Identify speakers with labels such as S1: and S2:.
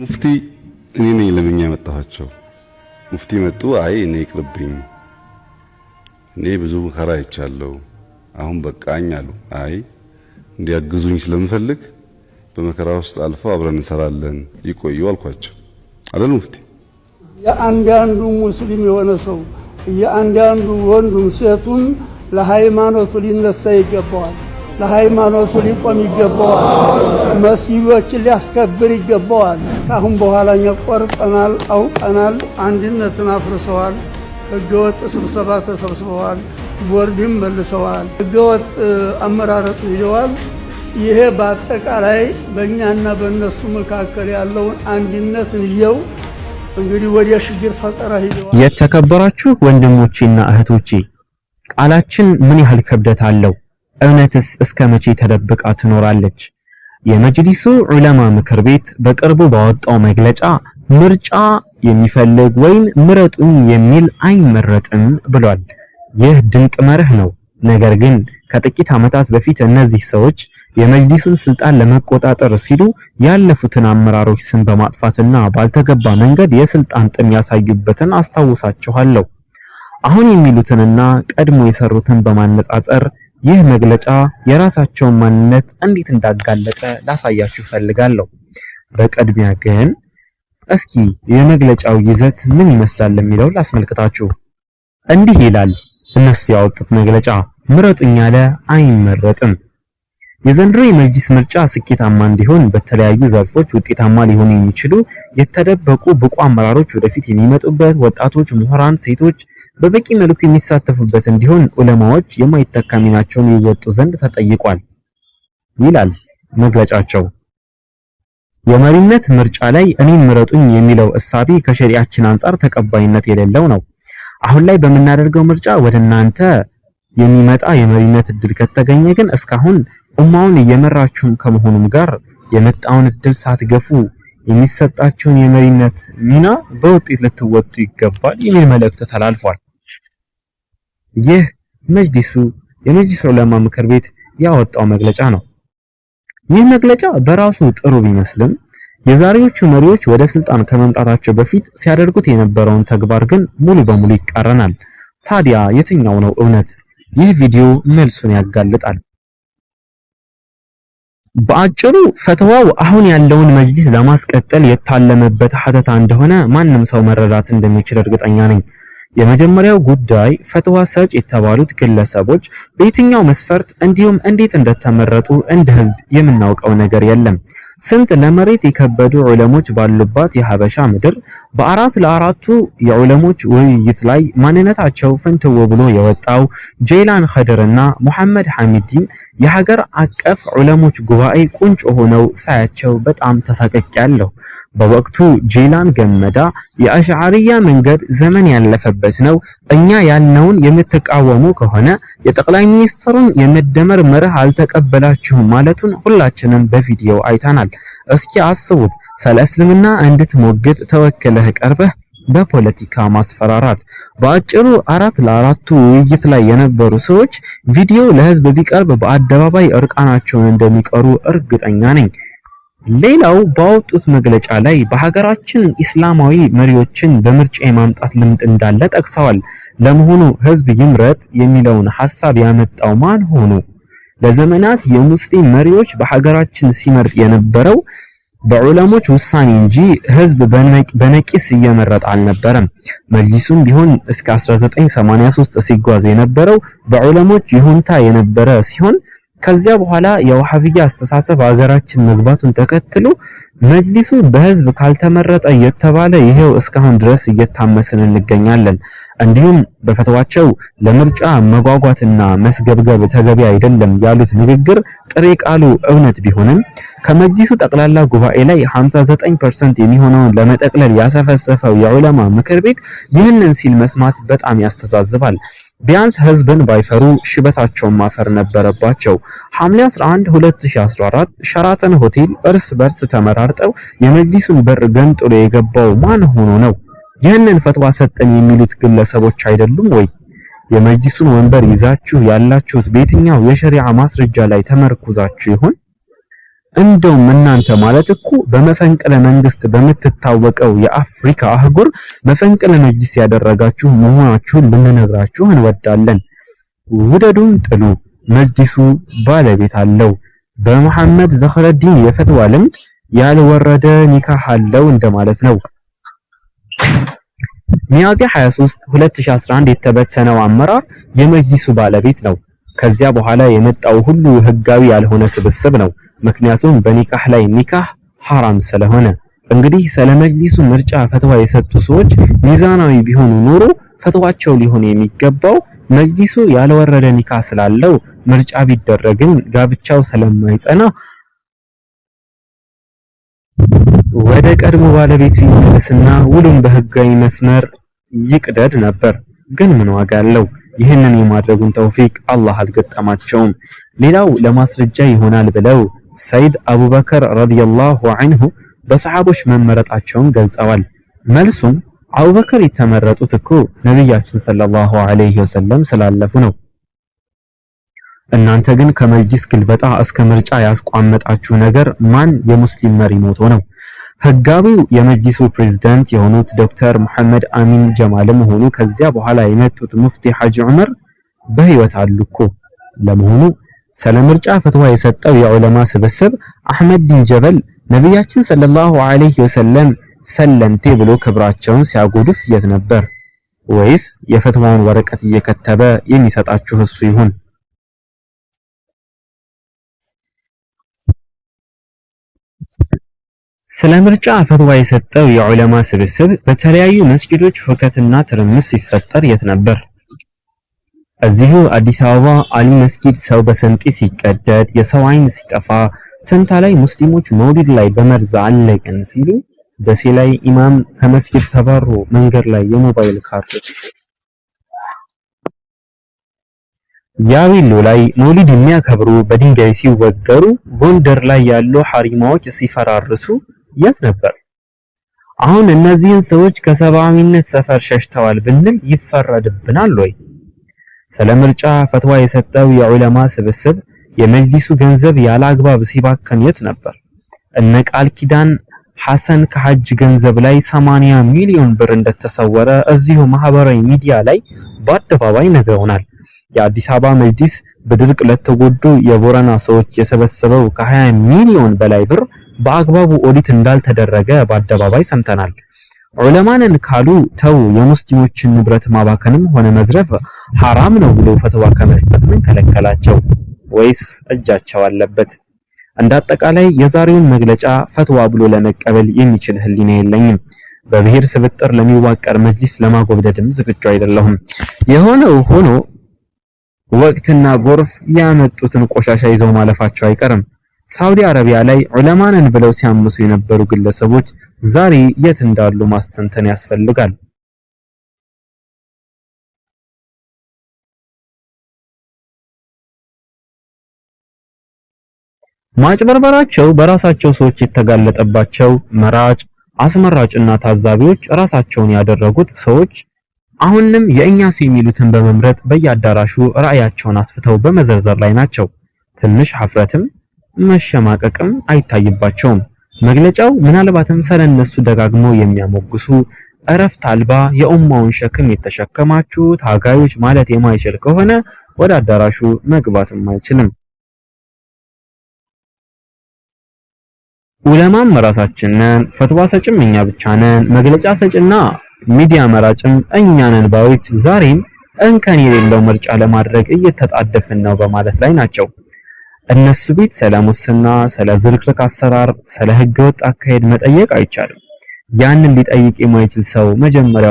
S1: ሙፍቲ እኔ ነኝ ለምኛ ያመጣኋቸው። ሙፍቲ መጡ። አይ እኔ ይቅርብኝ፣ እኔ ብዙ መከራ አይቻለሁ፣ አሁን በቃኝ አሉ። አይ እንዲያግዙኝ ስለምፈልግ በመከራ ውስጥ አልፈው አብረን እንሰራለን፣ ይቆዩ አልኳቸው። አለን ሙፍቲ
S2: የአንዳንዱ ሙስሊም የሆነ ሰው የአንዳንዱ ወንዱም ሴቱም ለሃይማኖቱ ሊነሳ ይገባዋል። ለሃይማኖቱ ሊቆም ይገባዋል። መስጊዶችን ሊያስከብር ይገባዋል። ከአሁን በኋላ እኛ ቆርጠናል፣ አውቀናል። አንድነትን አፍርሰዋል። ህገወጥ ስብሰባ ተሰብስበዋል። ቦርድም መልሰዋል። ህገወጥ አመራረጥ ይዘዋል። ይሄ በአጠቃላይ በእኛና በእነሱ መካከል ያለውን አንድነት ይዘው እንግዲህ ወደ ሽግር ፈጠራ ሂደዋል።
S3: የተከበራችሁ ወንድሞቼና እህቶቼ ቃላችን ምን ያህል ክብደት አለው? እውነትስ እስከ መቼ ተደብቃ ትኖራለች? የመጅሊሱ ዑለማ ምክር ቤት በቅርቡ ባወጣው መግለጫ ምርጫ የሚፈልግ ወይም ምረጡኝ የሚል አይመረጥም ብሏል። ይህ ድንቅ መርህ ነው። ነገር ግን ከጥቂት ዓመታት በፊት እነዚህ ሰዎች የመጅሊሱን ስልጣን ለመቆጣጠር ሲሉ ያለፉትን አመራሮች ስም በማጥፋትና ባልተገባ መንገድ የስልጣን ጥም ያሳዩበትን አስታውሳችኋለሁ። አሁን የሚሉትንና ቀድሞ የሰሩትን በማነጻጸር ይህ መግለጫ የራሳቸውን ማንነት እንዴት እንዳጋለጠ ላሳያችሁ ፈልጋለሁ። በቅድሚያ ግን እስኪ የመግለጫው ይዘት ምን ይመስላል የሚለው ላስመልክታችሁ። እንዲህ ይላል እነሱ ያወጡት መግለጫ ምረጡኝ ያለ አይመረጥም። የዘንድሮ የመጅሊስ ምርጫ ስኬታማ እንዲሆን በተለያዩ ዘርፎች ውጤታማ ሊሆኑ የሚችሉ የተደበቁ ብቁ አመራሮች ወደፊት የሚመጡበት፣ ወጣቶች፣ ምሁራን፣ ሴቶች በበቂ መልኩ የሚሳተፉበት እንዲሆን ዑለማዎች የማይተካ ሚናቸውን ይወጡ ዘንድ ተጠይቋል ይላል መግለጫቸው። የመሪነት ምርጫ ላይ እኔን ምረጡኝ የሚለው እሳቤ ከሸሪያችን አንጻር ተቀባይነት የሌለው ነው። አሁን ላይ በምናደርገው ምርጫ ወደ እናንተ የሚመጣ የመሪነት እድል ከተገኘ ግን እስካሁን ኡማውን እየመራችሁም ከመሆኑም ጋር የመጣውን እድል ሳትገፉ የሚሰጣችሁን የመሪነት ሚና በውጤት ልትወጡ ይገባል የሚል መልእክት ተላልፏል። ይህ መጅሊሱ የመጅሊስ ዑለማ ምክር ቤት ያወጣው መግለጫ ነው። ይህ መግለጫ በራሱ ጥሩ ቢመስልም የዛሬዎቹ መሪዎች ወደ ስልጣን ከመምጣታቸው በፊት ሲያደርጉት የነበረውን ተግባር ግን ሙሉ በሙሉ ይቃረናል። ታዲያ የትኛው ነው እውነት? ይህ ቪዲዮ መልሱን ያጋልጣል። በአጭሩ ፈትዋው አሁን ያለውን መጅሊስ ለማስቀጠል የታለመበት ሀተታ እንደሆነ ማንም ሰው መረዳት እንደሚችል እርግጠኛ ነኝ። የመጀመሪያው ጉዳይ ፈትዋ ሰጭ የተባሉት ግለሰቦች በየትኛው መስፈርት እንዲሁም እንዴት እንደተመረጡ እንደ ህዝብ የምናውቀው ነገር የለም። ስንት ለመሬት የከበዱ ዑለሞች ባሉባት የሀበሻ ምድር በአራት ለአራቱ የዑለሞች ውይይት ላይ ማንነታቸው ፍንትው ብሎ የወጣው ጄላን እና ሙሐመድ ሐሚዲን የሀገር አቀፍ ዑለሞች ጉባኤ ቁንጮ ሆነው ሳያቸው በጣም ተሳቀቅያለሁ። በወቅቱ ጄላን ገመዳ የአሽዓርያ መንገድ ዘመን ያለፈበት ነው፣ እኛ ያልነውን የምትቃወሙ ከሆነ የጠቅላይ ሚኒስትሩን የመደመር መርህ አልተቀበላችሁም ማለቱን ሁላችንም በቪዲዮ አይተናል። ይሆናል? እስኪ አስቡት። ስለ እስልምና እንድትሞግት ተወክለህ ቀርበህ በፖለቲካ ማስፈራራት። በአጭሩ አራት ለአራቱ ውይይት ላይ የነበሩ ሰዎች ቪዲዮ ለህዝብ ቢቀርብ በአደባባይ እርቃናቸውን እንደሚቀሩ እርግጠኛ ነኝ። ሌላው ባወጡት መግለጫ ላይ በሀገራችን ኢስላማዊ መሪዎችን በምርጫ የማምጣት ልምድ እንዳለ ጠቅሰዋል። ለመሆኑ ህዝብ ይምረጥ የሚለውን ሐሳብ ያመጣው ማን ሆኖ ለዘመናት የሙስሊም መሪዎች በሀገራችን ሲመርጥ የነበረው በዑለሞች ውሳኔ እንጂ ህዝብ በነቂስ እየመረጠ አልነበረም። መጅሊሱም ቢሆን እስከ 1983 ሲጓዝ የነበረው በዑለሞች ይሁንታ የነበረ ሲሆን ከዚያ በኋላ የዋሃብያ አስተሳሰብ ሀገራችን መግባቱን ተከትሎ መጅሊሱ በህዝብ ካልተመረጠ እየተባለ ይሄው እስካሁን ድረስ እየታመስን እንገኛለን። እንዲሁም በፈተዋቸው ለምርጫ መጓጓትና መስገብገብ ተገቢ አይደለም ያሉት ንግግር ጥሬ ቃሉ እውነት ቢሆንም ከመጅሊሱ ጠቅላላ ጉባኤ ላይ 59% የሚሆነውን ለመጠቅለል ያሰፈሰፈው የዑለማ ምክር ቤት ይህንን ሲል መስማት በጣም ያስተዛዝባል። ቢያንስ ህዝብን ባይፈሩ ሽበታቸውን ማፈር ነበረባቸው። ሐምሌ 11 2014 ሸራተን ሆቴል እርስ በርስ ተመራርጠው የመጅሊሱን በር ገንጥሎ የገባው ማን ሆኖ ነው? ይህንን ፈትዋ ሰጠን የሚሉት ግለሰቦች አይደሉም ወይ? የመጅሊሱን ወንበር ይዛችሁ ያላችሁት በየትኛው የሸሪዓ ማስረጃ ላይ ተመርኩዛችሁ ይሆን? እንደውም እናንተ ማለት እኮ በመፈንቅለ መንግስት በምትታወቀው የአፍሪካ አህጉር መፈንቅለ መጅሊስ ያደረጋችሁ መሆናችሁን ልንነግራችሁ እንወዳለን። ውደዱም ጥሉ መጅሊሱ ባለቤት አለው። በመሐመድ ዘኽረዲን የፈትዋ ልምድ ያልወረደ ኒካህ አለው እንደማለት ነው። ሚያዚያ 23 2011 የተበተነው አመራር የመጅሊሱ ባለቤት ነው። ከዚያ በኋላ የመጣው ሁሉ ህጋዊ ያልሆነ ስብስብ ነው። ምክንያቱም በኒካህ ላይ ኒካህ ሐራም ስለሆነ። እንግዲህ ስለ መጅሊሱ ምርጫ ፈትዋ የሰጡ ሰዎች ሚዛናዊ ቢሆኑ ኖሮ ፈትዋቸው ሊሆን የሚገባው መጅሊሱ ያልወረደ ኒካህ ስላለው ምርጫ ቢደረግም ጋብቻው ስለማይጸና ወደ ቀድሞ ባለቤቱ ይመለስና ውሉን በህጋዊ መስመር ይቅደድ ነበር። ግን ምን ዋጋ አለው? ይህንን የማድረጉን ተውፊቅ አላህ አልገጠማቸውም። ሌላው ለማስረጃ ይሆናል ብለው ሰይድ አቡበከር ረዲየላሁ አንሁ በሰሐቦች መመረጣቸውን ገልጸዋል። መልሱም አቡበከር የተመረጡት እኮ ነቢያችን ሰለላሁ ዐለይሂ ወሰለም ስላለፉ ነው። እናንተ ግን ከመጅሊስ ግልበጣ እስከ ምርጫ ያስቋመጣችሁ ነገር ማን የሙስሊም መሪ ሞቶ ነው? ህጋዊው የመጅሊሱ ፕሬዝዳንት የሆኑት ዶክተር መሐመድ አሚን ጀማልም ሆኑ ከዚያ በኋላ የመጡት ሙፍቲ ሐጂ ዑመር በህይወት አሉ እኮ ለመሆኑ ስለ ምርጫ ፈትዋ የሰጠው የዑለማ ስብስብ አህመድ ዲን ጀበል ነቢያችን ሰለላሁ ዐለይሂ ወሰለም ሰለምቴ ብሎ ክብራቸውን ሲያጎድፍ የት ነበር? ወይስ የፈትዋውን ወረቀት እየከተበ የሚሰጣችሁ እሱ ይሁን? ስለ ምርጫ ፈትዋ የሰጠው የዑለማ ስብስብ በተለያዩ መስጊዶች ሁከትና ትርምስ ሲፈጠር የት ነበር? እዚሁ አዲስ አበባ አሊ መስጊድ ሰው በስንጤ ሲቀደድ የሰው አይን ሲጠፋ ተንታ ላይ ሙስሊሞች መውሊድ ላይ በመርዝ አለቀን ሲሉ ደሴ ላይ ኢማም ከመስጊድ ተባሮ መንገድ ላይ የሞባይል ካርድ ያቤሎ ላይ መውሊድ የሚያከብሩ በድንጋይ ሲወገሩ ጎንደር ላይ ያሉ ሐሪማዎች ሲፈራርሱ የት ነበር? አሁን እነዚህን ሰዎች ከሰብአዊነት ሰፈር ሸሽተዋል ብንል ይፈረድብናል ወይ? ስለ ምርጫ ፈትዋ የሰጠው የዑለማ ስብስብ የመጅሊሱ ገንዘብ ያለ አግባብ ሲባከን የት ነበር? እነ ቃል ኪዳን ሐሰን ከሐጅ ገንዘብ ላይ 80 ሚሊዮን ብር እንደተሰወረ እዚሁ ማህበራዊ ሚዲያ ላይ በአደባባይ ነግረውናል። የአዲስ አበባ መጅሊስ በድርቅ ለተጎዱ የቦረና ሰዎች የሰበሰበው ከ20 ሚሊዮን በላይ ብር በአግባቡ ኦዲት እንዳልተደረገ በአደባባይ ሰምተናል። ዑለማንን ካሉ ተው የሙስሊሞችን ንብረት ማባከንም ሆነ መዝረፍ ሐራም ነው ብሎ ፈትዋ ከመስጠት ምን ከለከላቸው? ወይስ እጃቸው አለበት? እንደ አጠቃላይ የዛሬውን መግለጫ ፈትዋ ብሎ ለመቀበል የሚችል ህሊና የለኝም። በብሔር ስብጥር ለሚዋቀር መጅሊስ ለማጎብደድም ዝግጁ አይደለሁም። የሆነው ሆኖ ወቅትና ጎርፍ ያመጡትን ቆሻሻ ይዘው ማለፋቸው አይቀርም። ሳውዲ አረቢያ ላይ ዑለማንን ብለው ሲያምሱ የነበሩ ግለሰቦች ዛሬ የት እንዳሉ ማስተንተን ያስፈልጋል። ማጭበርበራቸው በራሳቸው ሰዎች የተጋለጠባቸው መራጭ አስመራጭና ታዛቢዎች ራሳቸውን ያደረጉት ሰዎች አሁንም የእኛስ የሚሉትን በመምረጥ በየአዳራሹ ራዕያቸውን አስፍተው በመዘርዘር ላይ ናቸው። ትንሽ ሀፍረትም መሸማቀቅም አይታይባቸውም። መግለጫው ምናልባትም ስለ እነሱ ደጋግመው የሚያሞግሱ እረፍት አልባ የኡማውን ሸክም የተሸከማችሁ ታጋዮች ማለት የማይችል ከሆነ ወደ አዳራሹ መግባትም አይችልም። ኡለማም ራሳችን ነን፣ ፈትዋ ሰጭም እኛ ብቻ ነን፣ መግለጫ ሰጭና ሚዲያ መራጭም እኛ ነን ባዮች ዛሬም እንከን የሌለው ምርጫ ለማድረግ እየተጣደፍን ነው በማለት ላይ ናቸው። እነሱ ቤት ስለ ሙስና፣ ስለ ዝርክርክ አሰራር፣ ስለ ህገወጥ አካሄድ መጠየቅ አይቻልም። ያንን ሊጠይቅ የማይችል ሰው መጀመሪያው